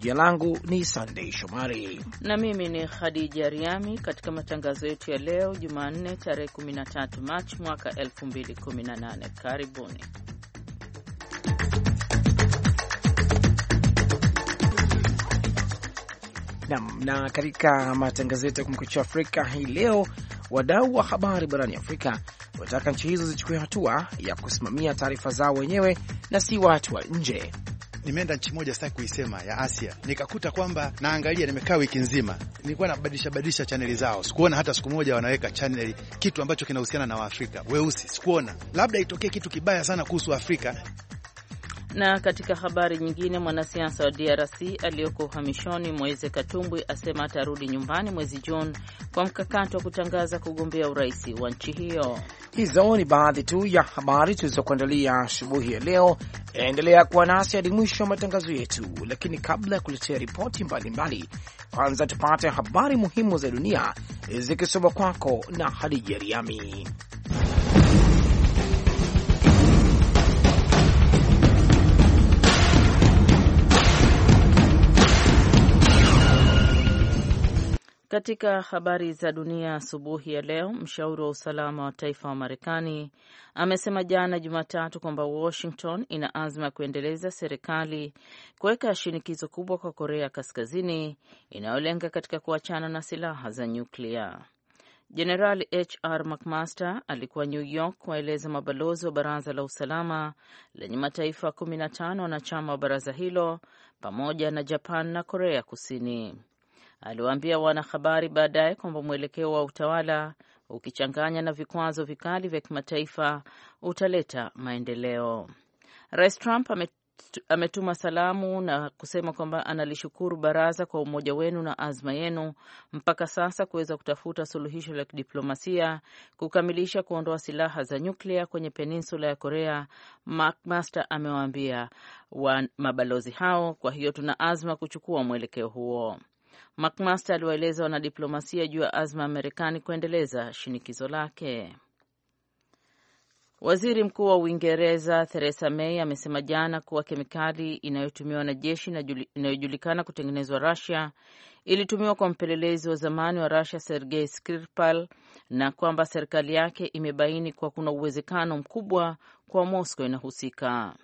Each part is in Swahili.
Jina langu ni Sandei Shomari na mimi ni Khadija Riami. Katika matangazo yetu ya leo Jumanne tarehe 13 Machi mwaka 2018, karibuni. Nam na, katika matangazo yetu ya Kumekucha Afrika hii leo, wadau wa habari barani Afrika wanataka nchi hizo zichukue hatua ya kusimamia taarifa zao wenyewe na si watu wa nje nimeenda nchi moja sitaki kuisema ya Asia, nikakuta kwamba naangalia, nimekaa wiki nzima, nilikuwa nabadilisha badilisha chaneli zao, sikuona hata siku moja wanaweka chaneli kitu ambacho kinahusiana na Waafrika weusi, sikuona. Labda itokee kitu kibaya sana kuhusu Afrika. Na katika habari nyingine, mwanasiasa wa DRC aliyoko uhamishoni Moise Katumbwi asema atarudi nyumbani mwezi Juni kwa mkakati wa kutangaza kugombea urais wa nchi hiyo. Hizo ni baadhi tu ya habari tulizokuandalia asubuhi ya leo. Endelea kuwa nasi hadi mwisho wa matangazo yetu, lakini kabla ya kuletea ripoti mbalimbali, kwanza tupate habari muhimu za dunia zikisoma kwako na Hadija Riami. Katika habari za dunia asubuhi ya leo, mshauri wa usalama wa taifa wa Marekani amesema jana Jumatatu kwamba Washington ina azma ya kuendeleza serikali kuweka shinikizo kubwa kwa Korea Kaskazini inayolenga katika kuachana na silaha za nyuklia. Jenerali HR McMaster alikuwa New York kuwaeleza mabalozi wa baraza la usalama lenye mataifa 15 wanachama wa baraza hilo pamoja na Japan na Korea Kusini. Aliwaambia wanahabari baadaye kwamba mwelekeo wa utawala ukichanganya na vikwazo vikali vya kimataifa utaleta maendeleo. Rais Trump ametuma salamu na kusema kwamba analishukuru baraza kwa umoja wenu na azma yenu mpaka sasa kuweza kutafuta suluhisho la kidiplomasia kukamilisha kuondoa silaha za nyuklia kwenye peninsula ya Korea. McMaster amewaambia mabalozi hao, kwa hiyo tuna azma kuchukua mwelekeo huo. McMaster aliwaeleza wanadiplomasia juu ya azma ya Marekani kuendeleza shinikizo lake. Waziri Mkuu wa Uingereza Theresa May amesema jana kuwa kemikali inayotumiwa na jeshi inayojulikana kutengenezwa rasia ilitumiwa kwa mpelelezi wa zamani wa rasia Sergei Skripal na kwamba serikali yake imebaini kuwa kuna uwezekano mkubwa kwa Moscow inahusika.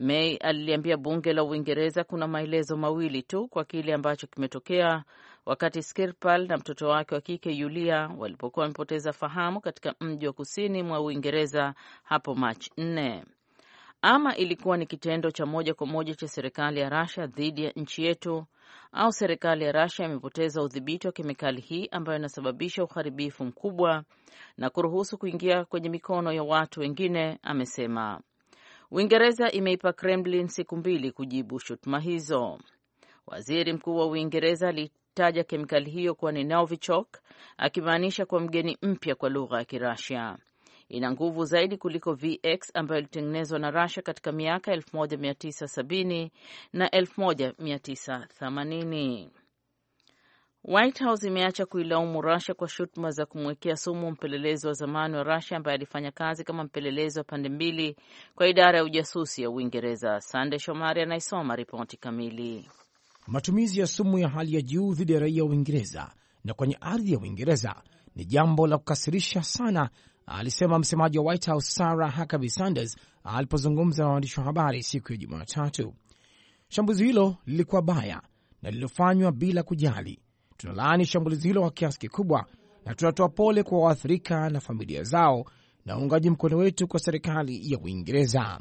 May aliliambia bunge la Uingereza kuna maelezo mawili tu kwa kile ambacho kimetokea wakati Skirpal na mtoto wake wa kike Yulia walipokuwa wamepoteza fahamu katika mji wa kusini mwa Uingereza hapo Machi n Ama ilikuwa ni kitendo cha moja kwa moja cha serikali ya rasha dhidi ya nchi yetu, au serikali ya rasha imepoteza udhibiti wa kemikali hii ambayo inasababisha uharibifu mkubwa na kuruhusu kuingia kwenye mikono ya watu wengine, amesema. Uingereza imeipa Kremlin siku mbili kujibu shutuma hizo. Waziri Mkuu wa Uingereza alitaja kemikali hiyo kuwa ni Novichok, akimaanisha kuwa mgeni mpya kwa lugha ya Kirasia. Ina nguvu zaidi kuliko VX ambayo ilitengenezwa na rasia katika miaka 1970 na 1980. White House imeacha kuilaumu Russia kwa shutuma za kumwekea sumu mpelelezi wa zamani wa Russia ambaye alifanya kazi kama mpelelezi wa pande mbili kwa idara ya ujasusi ya Uingereza. Sande Shomari anaisoma ripoti kamili. Matumizi ya sumu ya hali ya juu dhidi ya raia wa Uingereza na kwenye ardhi ya Uingereza ni jambo la kukasirisha sana, alisema msemaji wa White House Sarah Huckabee Sanders alipozungumza na waandishi wa habari siku ya Jumatatu. Shambulizi hilo lilikuwa baya na lililofanywa bila kujali tunalaani shambulizi hilo kwa kiasi kikubwa na tunatoa pole kwa waathirika na familia zao na uungaji mkono wetu kwa serikali ya Uingereza.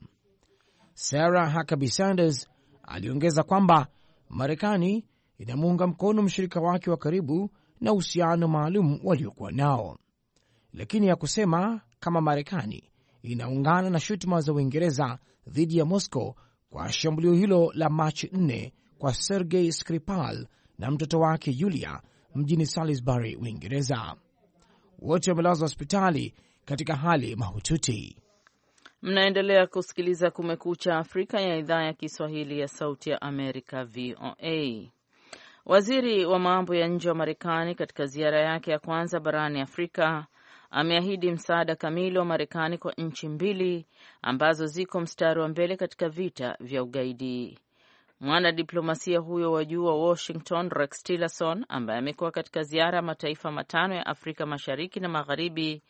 Sarah Huckabee Sanders aliongeza kwamba Marekani inamuunga mkono mshirika wake wa karibu na uhusiano maalum waliokuwa nao, lakini hakusema kama Marekani inaungana na shutuma za Uingereza dhidi ya Moscow kwa shambulio hilo la Machi 4 kwa Sergei Skripal na mtoto wake Yulia mjini Salisbury, Uingereza. Wote wamelazwa hospitali katika hali mahututi. Mnaendelea kusikiliza Kumekucha Afrika ya idhaa ya Kiswahili ya Sauti ya Amerika, VOA. Waziri wa mambo ya nje wa Marekani katika ziara yake ya kwanza barani Afrika ameahidi msaada kamili wa Marekani kwa nchi mbili ambazo ziko mstari wa mbele katika vita vya ugaidi. Mwanadiplomasia huyo wa juu wa Washington, Rex Tillerson, ambaye amekuwa katika ziara ya mataifa matano ya Afrika Mashariki na Magharibi,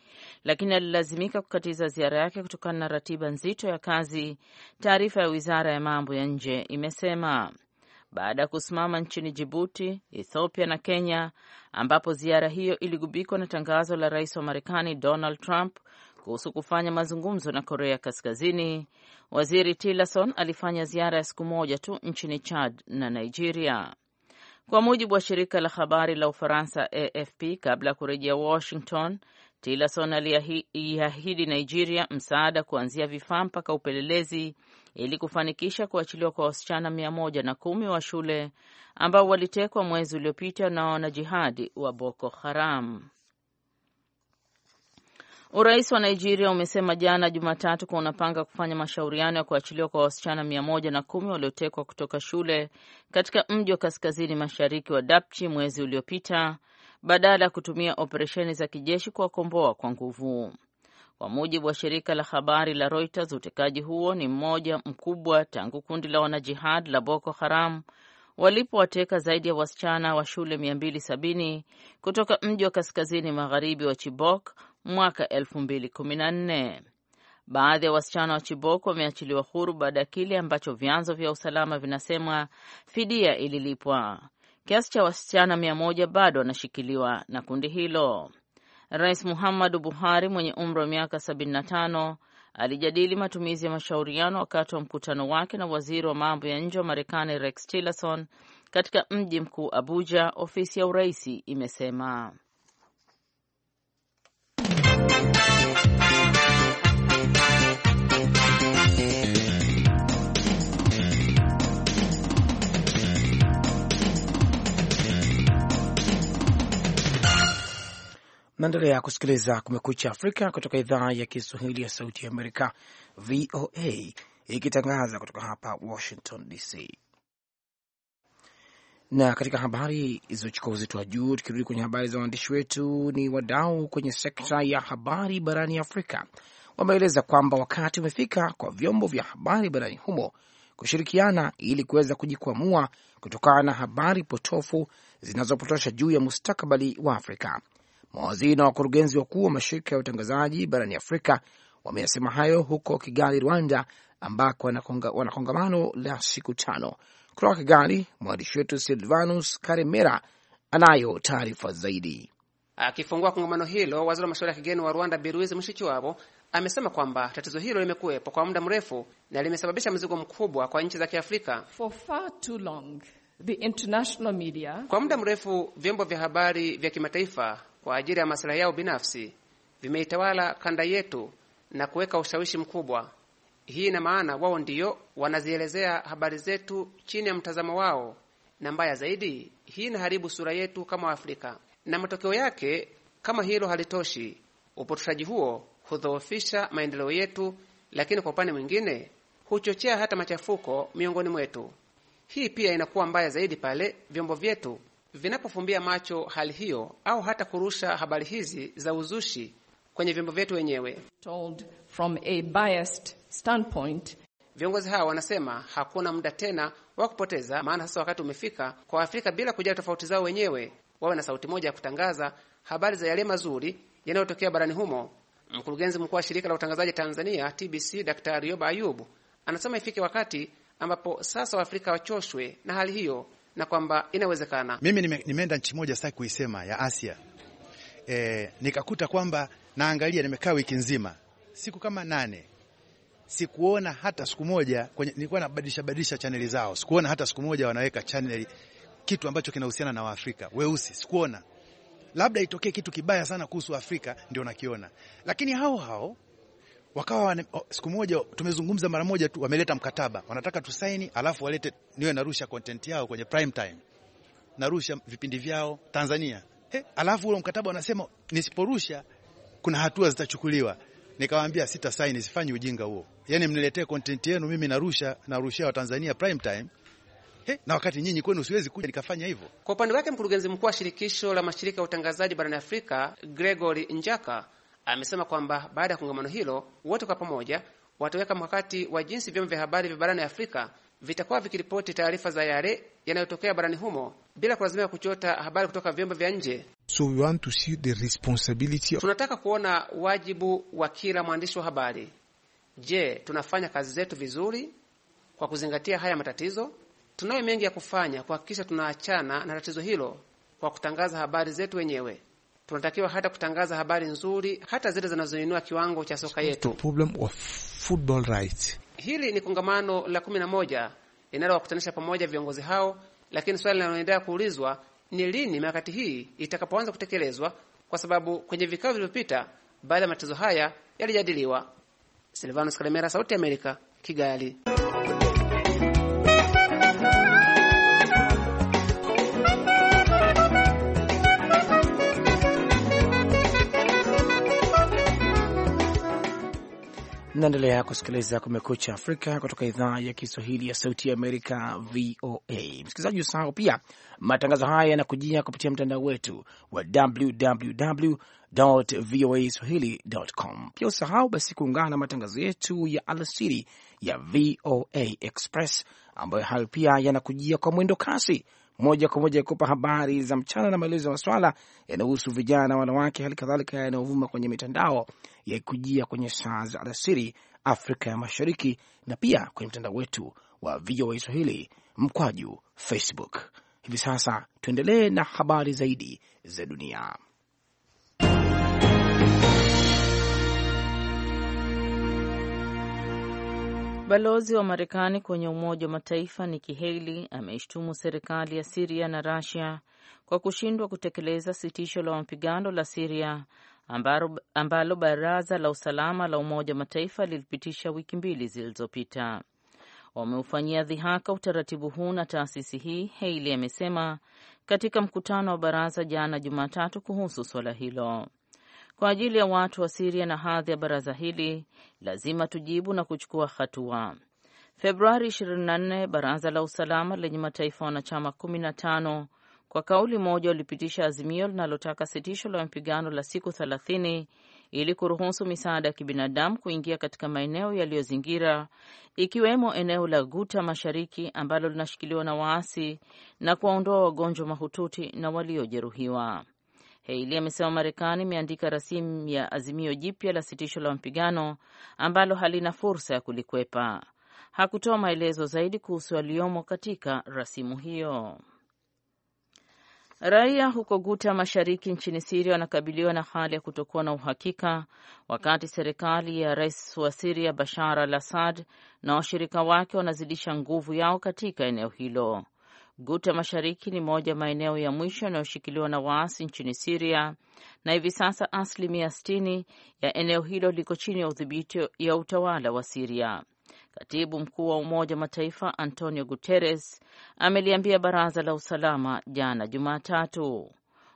lakini alilazimika kukatiza ziara yake kutokana na ratiba nzito ya kazi, taarifa ya wizara ya mambo ya nje imesema. Baada ya kusimama nchini Jibuti, Ethiopia na Kenya, ambapo ziara hiyo iligubikwa na tangazo la rais wa Marekani Donald Trump kuhusu kufanya mazungumzo na Korea Kaskazini, Waziri Tillerson alifanya ziara ya siku moja tu nchini Chad na Nigeria. Kwa mujibu wa shirika la habari la Ufaransa AFP, kabla ya kurejea Washington, Tillerson aliahidi Nigeria msaada kuanzia vifaa mpaka upelelezi ili kufanikisha kuachiliwa kwa wasichana mia moja na kumi wa shule ambao walitekwa mwezi uliopita na wanajihadi wa Boko Haram. Urais wa Nigeria umesema jana Jumatatu kuwa unapanga kufanya mashauriano ya kuachiliwa kwa wasichana mia moja na kumi waliotekwa kutoka shule katika mji wa kaskazini mashariki wa Dapchi mwezi uliopita badala ya kutumia operesheni za kijeshi kuwakomboa kwa nguvu. Kwa mujibu wa shirika la habari la Reuters, utekaji huo ni mmoja mkubwa tangu kundi la wanajihad la Boko Haram walipowateka zaidi ya wasichana wa shule 270 kutoka mji wa kaskazini magharibi wa Chibok mwaka 2014. Baadhi ya wasichana wa chiboko wameachiliwa huru baada ya kile ambacho vyanzo vya usalama vinasema fidia ililipwa. Kiasi cha wasichana mia moja bado wanashikiliwa na kundi hilo. Rais Muhammadu Buhari mwenye umri wa miaka 75 alijadili matumizi ya mashauriano wakati wa mkutano wake na waziri wa mambo ya nje wa Marekani Rex Tillerson katika mji mkuu Abuja, ofisi ya uraisi imesema. Naendelea kusikiliza Kumekucha Afrika kutoka idhaa ya Kiswahili ya Sauti ya Amerika, VOA, ikitangaza kutoka hapa Washington DC. Na katika habari zilizochukua uzito wa juu, tukirudi kwenye habari za waandishi wetu, ni wadau kwenye sekta ya habari barani Afrika wameeleza kwamba wakati umefika kwa vyombo vya habari barani humo kushirikiana ili kuweza kujikwamua kutokana na habari potofu zinazopotosha juu ya mustakabali wa Afrika. Mawaziri na wakurugenzi wakuu wa mashirika ya utangazaji barani Afrika wameyasema hayo huko Kigali, Rwanda, ambako wana kongamano la siku tano. Kutoka Kigali, mwandishi wetu Silvanus Karemera anayo taarifa zaidi. Akifungua kongamano hilo, waziri wa mashauri ya kigeni wa Rwanda Biruizi Mushikiwabo amesema kwamba tatizo hilo limekuwepo kwa muda mrefu na limesababisha mzigo mkubwa kwa nchi za Kiafrika. For far too long the international media. Kwa muda mrefu vyombo vya habari vya kimataifa kwa ajili ya maslahi yao binafsi vimeitawala kanda yetu na kuweka ushawishi mkubwa. Hii ina maana wao ndiyo wanazielezea habari zetu chini ya mtazamo wao, na mbaya zaidi, hii inaharibu sura yetu kama Waafrika. Na matokeo yake, kama hilo halitoshi, upotoshaji huo hudhoofisha maendeleo yetu, lakini kwa upande mwingine huchochea hata machafuko miongoni mwetu. Hii pia inakuwa mbaya zaidi pale vyombo vyetu vinapofumbia macho hali hiyo au hata kurusha habari hizi za uzushi kwenye vyombo vyetu wenyewe. Told from a biased standpoint. Viongozi hawa wanasema hakuna muda tena wa kupoteza, maana sasa wakati umefika kwa Waafrika bila kujali tofauti zao wenyewe wawe na sauti moja ya kutangaza habari za yale mazuri yanayotokea barani humo. Mkurugenzi mkuu wa shirika la utangazaji Tanzania TBC Dr. Rioba Ayubu anasema ifike wakati ambapo sasa Waafrika wachoshwe na hali hiyo na kwamba inawezekana. Mimi nimeenda nchi moja sasa kuisema ya Asia e, nikakuta kwamba naangalia, nimekaa wiki nzima siku kama nane sikuona hata siku moja kwenye, nilikuwa nabadilisha badilisha chaneli zao, sikuona hata siku moja wanaweka chaneli kitu ambacho kinahusiana na Waafrika weusi, sikuona. Labda itokee kitu kibaya sana kuhusu Afrika ndio nakiona, lakini hao hao wakawa wane, siku moja tumezungumza mara moja tu, wameleta mkataba wanataka tusaini, alafu walete niwe narusha content yao kwenye prime time, narusha vipindi vyao Tanzania. He, eh, alafu ule mkataba wanasema nisiporusha kuna hatua zitachukuliwa. Nikawaambia sita saini, sifanyi ujinga huo, yani mniletee content yenu, mimi narusha narushia wa Tanzania prime time He, eh, na wakati nyinyi kwenu siwezi kuja nikafanya hivyo. Kwa upande wake mkurugenzi mkuu wa shirikisho la mashirika ya utangazaji barani Afrika Gregory Njaka amesema kwamba baada ya kongamano hilo wote kwa pamoja wataweka mkakati wa jinsi vyombo vya habari vya barani Afrika vitakuwa vikiripoti taarifa za yale yanayotokea barani humo bila kulazimika kuchota habari kutoka vyombo vya nje. So we want to see the responsibility. Tunataka kuona wajibu wa kila mwandishi wa habari. Je, tunafanya kazi zetu vizuri kwa kuzingatia haya matatizo? Tunayo mengi ya kufanya kuhakikisha tunaachana na tatizo hilo kwa kutangaza habari zetu wenyewe tunatakiwa hata kutangaza habari nzuri, hata zile zinazoinua kiwango cha soka yetu. Problem of football rights. Hili ni kongamano la kumi na moja linalowakutanisha pamoja viongozi hao, lakini swali linaloendelea kuulizwa ni lini mikakati hii itakapoanza kutekelezwa, kwa sababu kwenye vikao vilivyopita baadhi ya matatizo haya yalijadiliwa. Silvanus Kalemera, Sauti ya Amerika, Kigali. Naendelea kusikiliza Kumekucha Afrika kutoka idhaa ya Kiswahili ya Sauti ya Amerika, VOA. Msikilizaji, usahau pia matangazo haya yanakujia kupitia mtandao wetu wa www voa swahili.com. Pia usahau basi kuungana na matangazo yetu ya alasiri ya VOA Express ambayo hayo pia yanakujia kwa mwendo kasi moja kwa moja kupa habari za mchana na maelezo ya maswala yanayohusu vijana wanawake, hali kadhalika yanayovuma kwenye mitandao ya kujia kwenye saa za alasiri Afrika ya Mashariki, na pia kwenye mtandao wetu wa VOA Swahili mkwaju Facebook. Hivi sasa tuendelee na habari zaidi za dunia. Balozi wa Marekani kwenye Umoja wa Mataifa Nikki Haley ameishtumu serikali ya Siria na Rasia kwa kushindwa kutekeleza sitisho la mapigano la Siria ambalo Baraza la Usalama la Umoja wa Mataifa lilipitisha wiki mbili zilizopita. Wameufanyia dhihaka utaratibu huu na taasisi hii, Haley amesema katika mkutano wa baraza jana Jumatatu kuhusu suala hilo. Kwa ajili ya watu wa Siria na hadhi ya baraza hili, lazima tujibu na kuchukua hatua. Februari 24 baraza la usalama lenye mataifa wanachama 15 kwa kauli moja walipitisha azimio linalotaka sitisho la mapigano la siku 30 ili kuruhusu misaada ya kibinadamu kuingia katika maeneo yaliyozingira ikiwemo eneo la Guta Mashariki ambalo linashikiliwa na waasi na kuwaondoa wagonjwa mahututi na waliojeruhiwa. Haley amesema Marekani imeandika rasimu ya azimio jipya la sitisho la mapigano ambalo halina fursa ya kulikwepa. Hakutoa maelezo zaidi kuhusu yaliyomo katika rasimu hiyo. Raia huko Guta mashariki nchini Siria wanakabiliwa na hali ya kutokuwa na uhakika wakati serikali ya rais wa Siria Bashar al Assad na washirika wake wanazidisha nguvu yao katika eneo hilo. Guta Mashariki ni moja maeneo ya mwisho yanayoshikiliwa na waasi nchini Siria, na hivi sasa asilimia 60 ya eneo hilo liko chini ya udhibiti ya utawala wa Siria. Katibu mkuu wa Umoja wa Mataifa Antonio Guterres ameliambia Baraza la Usalama jana Jumatatu.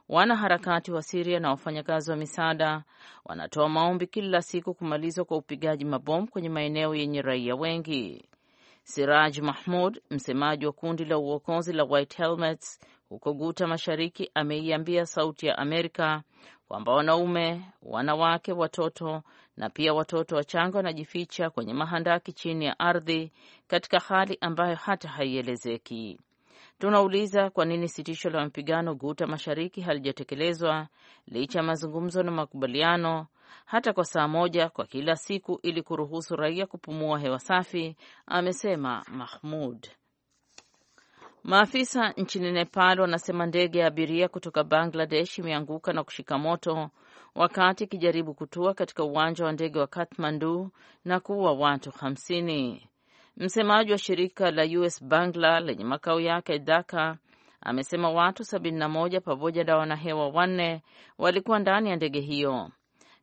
Wanaharakati wa Siria na wafanyakazi wa misaada wanatoa maombi kila siku kumalizwa kwa upigaji mabomu kwenye maeneo yenye raia wengi. Siraj Mahmud, msemaji wa kundi la uokozi la White Helmets huko Guta Mashariki, ameiambia Sauti ya Amerika kwamba wanaume, wanawake, watoto na pia watoto wachanga wanajificha kwenye mahandaki chini ya ardhi katika hali ambayo hata haielezeki. Tunauliza kwa nini sitisho la mapigano Guta Mashariki halijatekelezwa licha ya mazungumzo na makubaliano hata kwa saa moja kwa kila siku ili kuruhusu raia kupumua hewa safi, amesema Mahmud. Maafisa nchini Nepal wanasema ndege ya abiria kutoka Bangladesh imeanguka na kushika moto wakati ikijaribu kutua katika uwanja wa ndege wa Kathmandu na kuua watu hamsini. Msemaji wa shirika la US Bangla lenye makao yake Dhaka amesema watu 71 pamoja na wanahewa wanne walikuwa ndani ya ndege hiyo.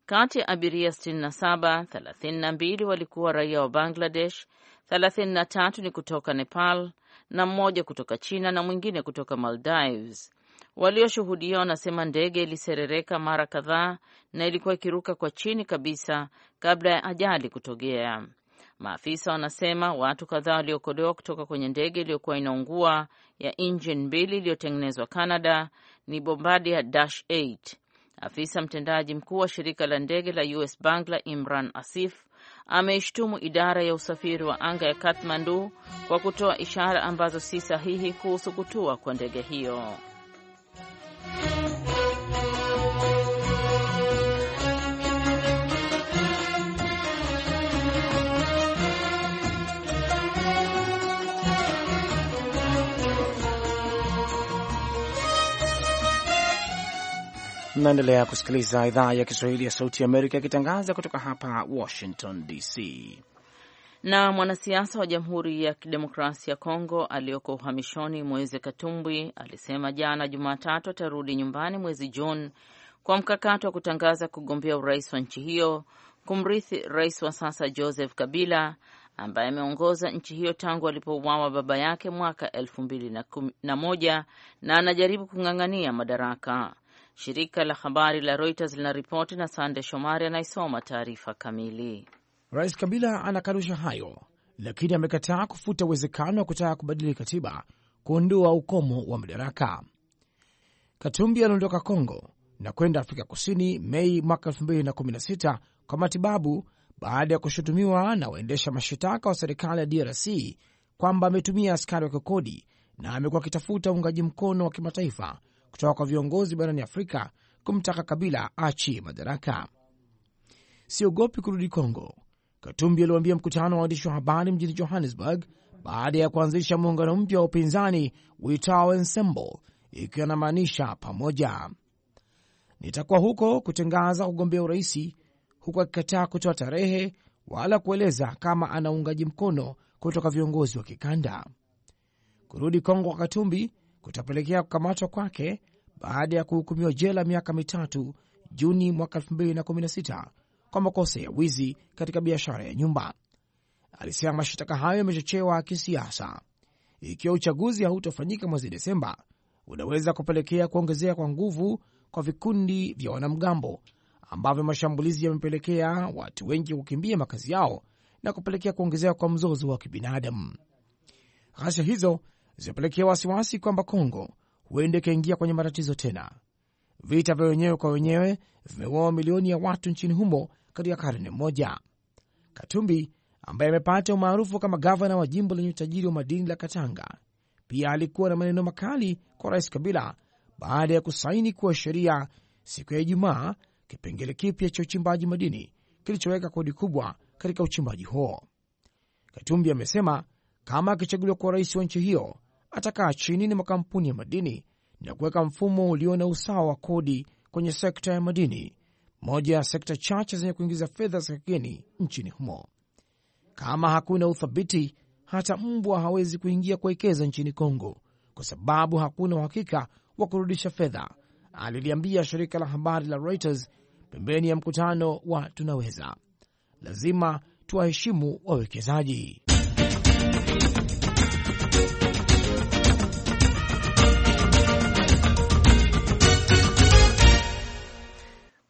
Kati ya abiria 67, 32 walikuwa raia wa Bangladesh, 33 ni kutoka Nepal na mmoja kutoka China na mwingine kutoka Maldives. Walioshuhudia wanasema ndege iliserereka mara kadhaa na ilikuwa ikiruka kwa chini kabisa kabla ya ajali kutokea. Maafisa wanasema watu kadhaa waliokolewa kutoka kwenye ndege iliyokuwa inaungua ya injini mbili iliyotengenezwa Canada ni Bombardier Dash 8. Afisa mtendaji mkuu wa shirika la ndege la US Bangla Imran Asif ameishtumu idara ya usafiri wa anga ya Kathmandu kwa kutoa ishara ambazo si sahihi kuhusu kutua kwa ndege hiyo. naendelea kusikiliza idhaa ya Kiswahili ya Sauti Amerika ikitangaza kutoka hapa Washington DC. Na mwanasiasa wa Jamhuri ya Kidemokrasia ya Kongo aliyoko uhamishoni Moise Katumbi alisema jana Jumatatu atarudi nyumbani mwezi Juni kwa mkakato wa kutangaza kugombea urais wa nchi hiyo kumrithi rais wa sasa Joseph Kabila ambaye ameongoza nchi hiyo tangu alipouawa baba yake mwaka elfu mbili na moja na anajaribu kung'ang'ania madaraka. Shirika la habari la Reuters linaripoti na Sande Shomari anaisoma taarifa kamili. Rais Kabila anakanusha hayo, lakini amekataa kufuta uwezekano wa kutaka kubadili katiba kuondoa ukomo wa madaraka. Katumbi aliondoka Kongo na kwenda Afrika Kusini Mei mwaka 2016 kwa matibabu baada ya kushutumiwa na waendesha mashitaka wa serikali ya DRC kwamba ametumia askari wa kikodi na amekuwa akitafuta uungaji mkono wa kimataifa kutoka kwa viongozi barani Afrika kumtaka Kabila aachie madaraka. Siogopi kurudi Kongo, Katumbi aliwaambia mkutano wa waandishi wa habari mjini Johannesburg baada ya kuanzisha muungano mpya wa upinzani uitao Ensemble, ikiwa namaanisha pamoja. Nitakuwa huko kutangaza kugombea uraisi, huku akikataa kutoa tarehe wala kueleza kama ana uungaji mkono kutoka viongozi wa kikanda. Kurudi Kongo kwa Katumbi kutapelekea kukamatwa kwake baada ya kuhukumiwa jela miaka mitatu Juni mwaka 2016 kwa makosa ya wizi katika biashara ya nyumba. Alisema mashtaka hayo yamechochewa kisiasa. Ikiwa uchaguzi hautofanyika mwezi Desemba, unaweza kupelekea kuongezea kwa nguvu kwa vikundi vya wanamgambo ambavyo mashambulizi yamepelekea watu wengi kukimbia makazi yao na kupelekea kuongezeka kwa mzozo wa kibinadamu. Ghasia hizo zimepelekea wasiwasi kwamba Kongo huenda ikaingia kwenye matatizo tena. Vita vya wenyewe kwa wenyewe vimeua mamilioni ya watu nchini humo katika karne moja. Katumbi ambaye amepata umaarufu kama gavana wa jimbo lenye utajiri wa madini la Katanga, pia alikuwa na maneno makali kwa Rais Kabila baada ya kusaini kuwa sheria siku ya Ijumaa kipengele kipya cha uchimbaji madini kilichoweka kodi kubwa katika uchimbaji huo. Katumbi amesema kama akichaguliwa kuwa rais wa nchi hiyo atakaa chini na makampuni ya madini na kuweka mfumo ulio na usawa wa kodi kwenye sekta ya madini, moja ya sekta chache zenye kuingiza fedha za kigeni nchini humo. Kama hakuna uthabiti, hata mbwa hawezi kuingia kuwekeza nchini Kongo kwa sababu hakuna uhakika wa kurudisha fedha, aliliambia shirika la habari la Reuters pembeni ya mkutano wa Tunaweza. Lazima tuwaheshimu wawekezaji.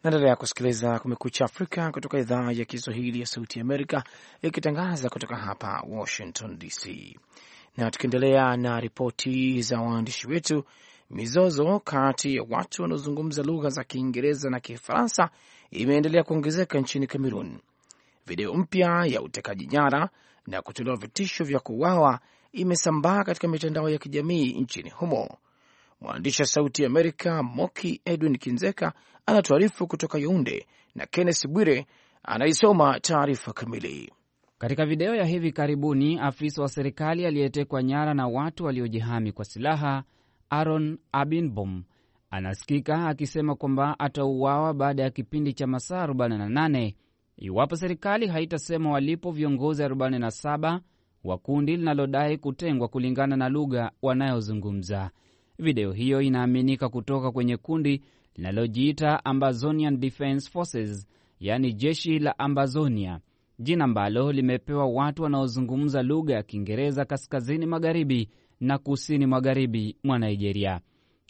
Naendelea kusikiliza Kumekucha Afrika kutoka idhaa ya Kiswahili ya Sauti ya Amerika ikitangaza kutoka hapa Washington DC. Na tukiendelea na ripoti za waandishi wetu, mizozo kati ya watu wanaozungumza lugha za Kiingereza na Kifaransa imeendelea kuongezeka nchini Kamerun. Video mpya ya utekaji nyara na kutolewa vitisho vya kuuawa imesambaa katika mitandao ya kijamii nchini humo Mwandishi wa Sauti ya Amerika Moki Edwin Kinzeka anatuarifu kutoka Yaunde na kennes Bwire anaisoma taarifa kamili. Katika video ya hivi karibuni, afisa wa serikali aliyetekwa nyara na watu waliojihami kwa silaha Aaron Abinbom anasikika akisema kwamba atauawa baada ya kipindi cha masaa 48 iwapo serikali haitasema walipo viongozi 47 wa kundi linalodai kutengwa kulingana na lugha wanayozungumza. Video hiyo inaaminika kutoka kwenye kundi linalojiita Ambazonian Defense Forces, yaani jeshi la Ambazonia, jina ambalo limepewa watu wanaozungumza lugha ya Kiingereza kaskazini magharibi na kusini magharibi mwa Nigeria.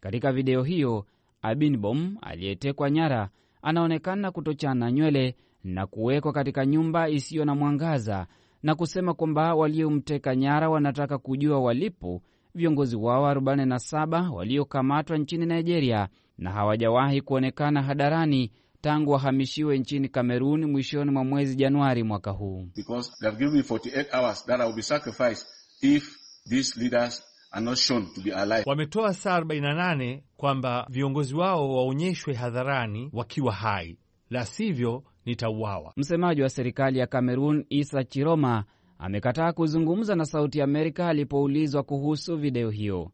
Katika video hiyo, Abinbom aliyetekwa nyara anaonekana kutochana nywele na kuwekwa katika nyumba isiyo na mwangaza na kusema kwamba waliomteka nyara wanataka kujua walipo viongozi wao 47 waliokamatwa nchini Nigeria na hawajawahi kuonekana hadarani tangu wahamishiwe nchini Kamerun mwishoni mwa mwezi Januari mwaka huu. Wametoa saa 48 kwamba viongozi wao waonyeshwe hadharani wakiwa hai, la sivyo nitauawa. Msemaji wa serikali ya Kamerun Isa Chiroma amekataa kuzungumza na Sauti Amerika alipoulizwa kuhusu video hiyo.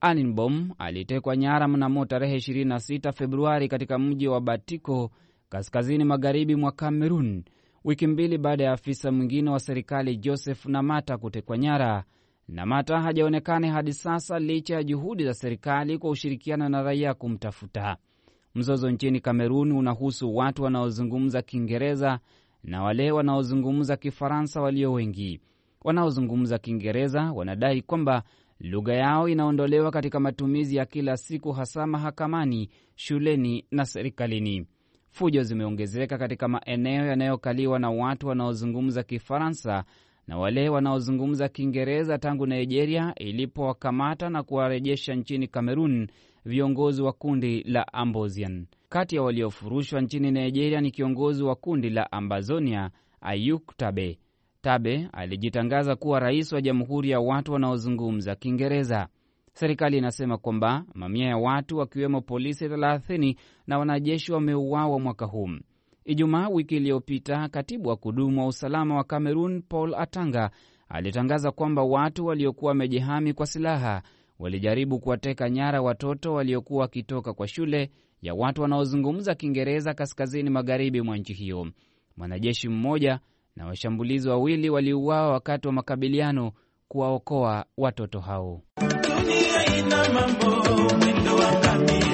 Aninbom alitekwa nyara mnamo tarehe 26 Februari katika mji wa Batiko, kaskazini magharibi mwa Kamerun, wiki mbili baada ya afisa mwingine wa serikali Joseph Namata kutekwa nyara. Namata hajaonekana hadi sasa licha ya juhudi za serikali kwa ushirikiana na raia kumtafuta. Mzozo nchini Kamerun unahusu watu wanaozungumza Kiingereza na wale wanaozungumza Kifaransa walio wengi. Wanaozungumza Kiingereza wanadai kwamba lugha yao inaondolewa katika matumizi ya kila siku, hasa mahakamani, shuleni na serikalini. Fujo zimeongezeka katika maeneo yanayokaliwa na watu wanaozungumza Kifaransa na wale wanaozungumza Kiingereza tangu Nigeria ilipowakamata na kuwarejesha nchini Kamerun viongozi wa kundi la ambosian Kati ya waliofurushwa nchini Nigeria ni kiongozi wa kundi la Ambazonia, Ayuk Tabe. Tabe alijitangaza kuwa rais wa jamhuri ya watu wanaozungumza Kiingereza. Serikali inasema kwamba mamia ya watu wakiwemo polisi 30 na wanajeshi wameuawa mwaka huu. Ijumaa wiki iliyopita, katibu wa kudumu wa usalama wa Kamerun Paul Atanga alitangaza kwamba watu waliokuwa wamejihami kwa silaha walijaribu kuwateka nyara watoto waliokuwa wakitoka kwa shule ya watu wanaozungumza Kiingereza kaskazini magharibi mwa nchi hiyo. Mwanajeshi mmoja na washambulizi wawili waliuawa wakati wa makabiliano kuwaokoa watoto hao. Dunia ina mambo, mwendo wa ngamia.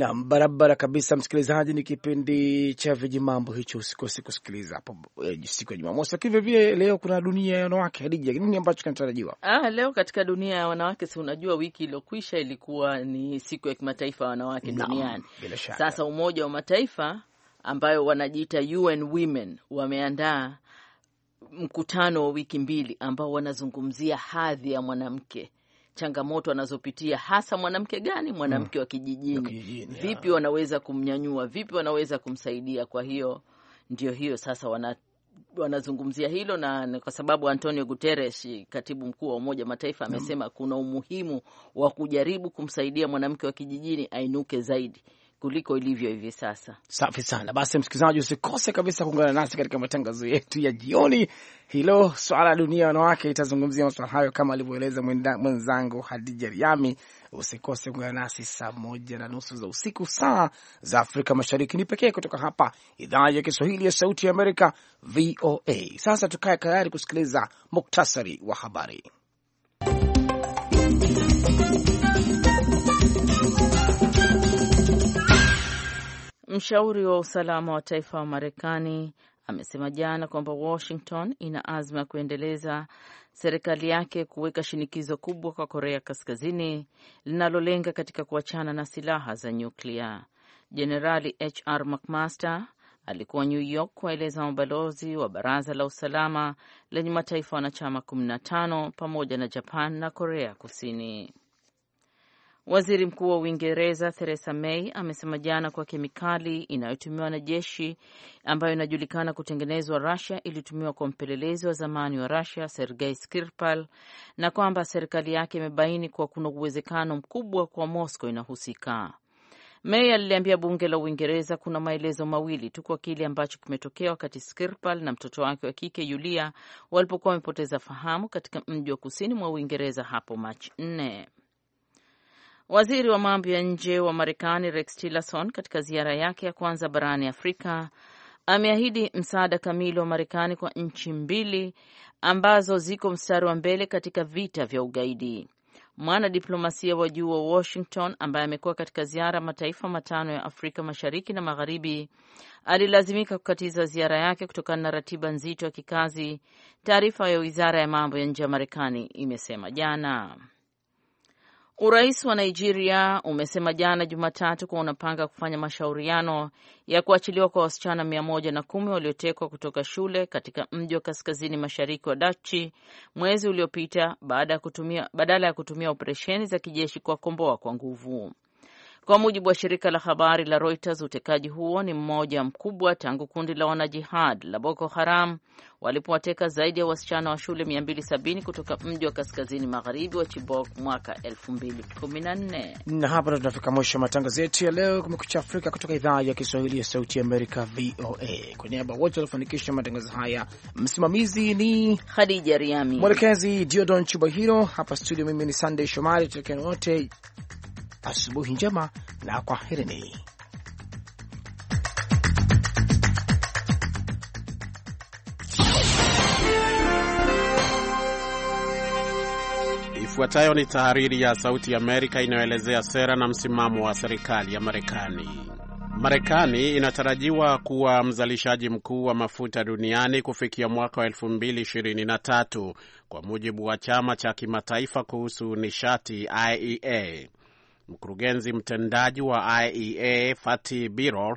Naam, barabara kabisa, msikilizaji. Ni kipindi cha vijimambo hicho, usikose kusikiliza hapo eh, siku ya Jumamosi. Lakini vilevile leo kuna dunia ya wanawake. Hadija, nini ambacho kinatarajiwa ah, leo katika dunia ya wanawake? Si unajua wiki iliyokwisha ilikuwa ni siku ya kimataifa ya wanawake duniani. Sasa Umoja wa Mataifa ambayo wanajiita UN Women wameandaa mkutano wa wiki mbili ambao wanazungumzia hadhi ya mwanamke changamoto anazopitia, hasa mwanamke gani, mwanamke mm. wa kijijini, vipi yeah. wanaweza kumnyanyua, vipi wanaweza kumsaidia. Kwa hiyo ndio hiyo sasa wana wanazungumzia hilo na kwa sababu Antonio Guterres, katibu mkuu wa Umoja Mataifa, amesema kuna umuhimu wa kujaribu kumsaidia mwanamke wa kijijini ainuke zaidi kuliko ilivyo hivi sasa. Safi sana. Basi msikilizaji, usikose kabisa kuungana nasi katika matangazo yetu ya jioni. Hilo swala la dunia ya wanawake itazungumzia maswala hayo kama alivyoeleza mwenzangu Hadija Riami. Usikose kuungana nasi saa moja na nusu za usiku saa za Afrika Mashariki. Ni pekee kutoka hapa idhaa ya Kiswahili ya Sauti ya Amerika, VOA. Sasa tukae tayari kusikiliza muktasari wa habari. Mshauri wa usalama wa taifa wa Marekani amesema jana kwamba Washington ina azma ya kuendeleza serikali yake kuweka shinikizo kubwa kwa Korea Kaskazini linalolenga katika kuachana na silaha za nyuklia. Jenerali HR McMaster alikuwa New York kuwaeleza mabalozi wa Baraza la Usalama lenye mataifa wanachama 15 pamoja na Japan na Korea Kusini. Waziri Mkuu wa Uingereza Theresa May amesema jana kuwa kemikali inayotumiwa na jeshi ambayo inajulikana kutengenezwa rasia ilitumiwa kwa mpelelezi wa zamani wa rasia Sergei Skripal na kwamba serikali yake imebaini kuwa kuna uwezekano mkubwa kwa Moscow inahusika. May aliliambia bunge la Uingereza kuna maelezo mawili tu kwa kile ambacho kimetokea wakati Skripal na mtoto wake wa kike Yulia walipokuwa wamepoteza fahamu katika mji wa kusini mwa Uingereza hapo Machi nne. Waziri wa mambo ya nje wa Marekani Rex Tillerson katika ziara yake ya kwanza barani Afrika ameahidi msaada kamili wa Marekani kwa nchi mbili ambazo ziko mstari wa mbele katika vita vya ugaidi. Mwanadiplomasia wa juu wa Washington ambaye amekuwa katika ziara mataifa matano ya Afrika Mashariki na Magharibi alilazimika kukatiza ziara yake kutokana na ratiba nzito ya kikazi, taarifa ya wizara ya mambo ya nje ya Marekani imesema jana. Urais wa Nigeria umesema jana Jumatatu kuwa unapanga kufanya mashauriano ya kuachiliwa kwa wasichana mia moja na kumi waliotekwa kutoka shule katika mji wa kaskazini mashariki wa Dachi mwezi uliopita badala ya kutumia operesheni za kijeshi kuwakomboa kwa nguvu. Kwa mujibu wa shirika la habari la Reuters, utekaji huo ni mmoja mkubwa tangu kundi la wanajihad la Boko Haram walipowateka zaidi ya wasichana wa shule 270 kutoka mji wa kaskazini magharibi wa Chibok mwaka 2014. Na hapa ndo tunafika mwisho wa matangazo yetu ya leo, Kumekucha Afrika, kutoka idhaa ya Kiswahili ya Sauti ya Amerika, VOA. Kwa niaba wote waliofanikisha matangazo haya, msimamizi ni Khadija Riami, mwelekezi Diodon Chubahiro, hapa studio mimi ni Sandey Shomari, tutakiana wote Asubuhi njema na kwaherini. Ifuatayo ni tahariri ya Sauti ya Amerika inayoelezea sera na msimamo wa serikali ya Marekani. Marekani inatarajiwa kuwa mzalishaji mkuu wa mafuta duniani kufikia mwaka wa 2023 kwa mujibu wa chama cha kimataifa kuhusu nishati IEA. Mkurugenzi mtendaji wa IEA fati Birol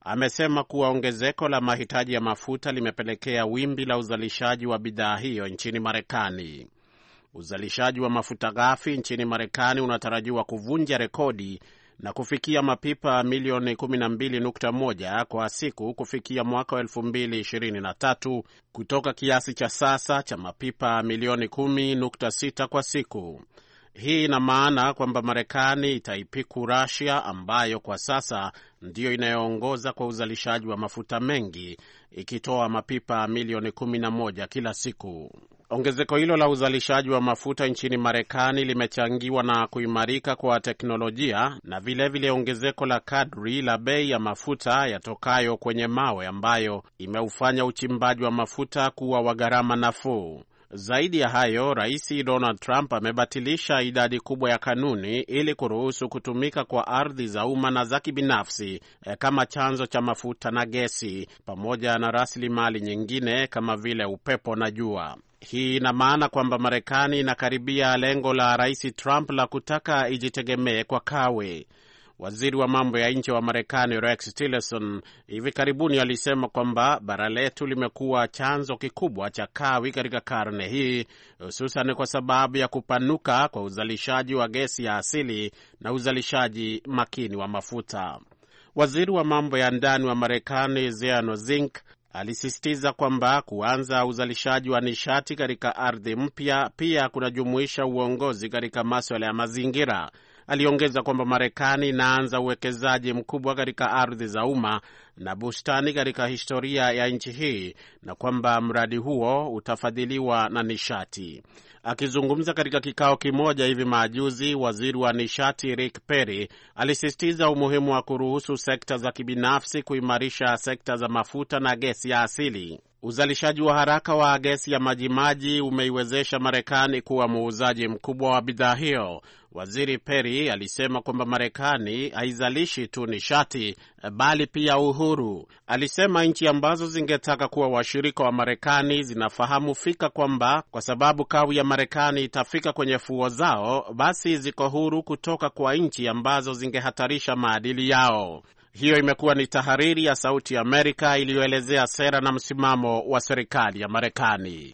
amesema kuwa ongezeko la mahitaji ya mafuta limepelekea wimbi la uzalishaji wa bidhaa hiyo nchini Marekani. Uzalishaji wa mafuta ghafi nchini Marekani unatarajiwa kuvunja rekodi na kufikia mapipa milioni 12.1 kwa siku kufikia mwaka wa 2023 kutoka kiasi cha sasa cha mapipa milioni 10.6 kwa siku. Hii ina maana kwamba Marekani itaipiku rasia ambayo kwa sasa ndiyo inayoongoza kwa uzalishaji wa mafuta mengi ikitoa mapipa milioni 11 kila siku. Ongezeko hilo la uzalishaji wa mafuta nchini Marekani limechangiwa na kuimarika kwa teknolojia na vilevile ongezeko la kadri la bei ya mafuta yatokayo kwenye mawe ambayo imeufanya uchimbaji wa mafuta kuwa wa gharama nafuu. Zaidi ya hayo, Rais Donald Trump amebatilisha idadi kubwa ya kanuni ili kuruhusu kutumika kwa ardhi za umma na za kibinafsi e, kama chanzo cha mafuta na gesi pamoja na rasilimali nyingine kama vile upepo na jua. Hii ina maana kwamba Marekani inakaribia lengo la Rais Trump la kutaka ijitegemee kwa kawe. Waziri wa mambo ya nje wa Marekani Rex Tillerson hivi karibuni alisema kwamba bara letu limekuwa chanzo kikubwa cha kawi katika karne hii, hususan kwa sababu ya kupanuka kwa uzalishaji wa gesi ya asili na uzalishaji makini wa mafuta. Waziri wa mambo ya ndani wa Marekani ziano Zink alisisitiza kwamba kuanza uzalishaji wa nishati katika ardhi mpya pia kunajumuisha uongozi katika maswala ya mazingira. Aliongeza kwamba Marekani inaanza uwekezaji mkubwa katika ardhi za umma na bustani katika historia ya nchi hii na kwamba mradi huo utafadhiliwa na nishati. Akizungumza katika kikao kimoja hivi majuzi, waziri wa nishati Rick Perry alisisitiza umuhimu wa kuruhusu sekta za kibinafsi kuimarisha sekta za mafuta na gesi ya asili. Uzalishaji wa haraka wa gesi ya majimaji umeiwezesha Marekani kuwa muuzaji mkubwa wa bidhaa hiyo. Waziri Perry alisema kwamba Marekani haizalishi tu nishati bali pia uhuru. Alisema nchi ambazo zingetaka kuwa washirika wa Marekani zinafahamu fika kwamba kwa sababu kawu ya Marekani itafika kwenye fuo zao, basi ziko huru kutoka kwa nchi ambazo zingehatarisha maadili yao. Hiyo imekuwa ni tahariri ya Sauti ya Amerika iliyoelezea sera na msimamo wa serikali ya Marekani.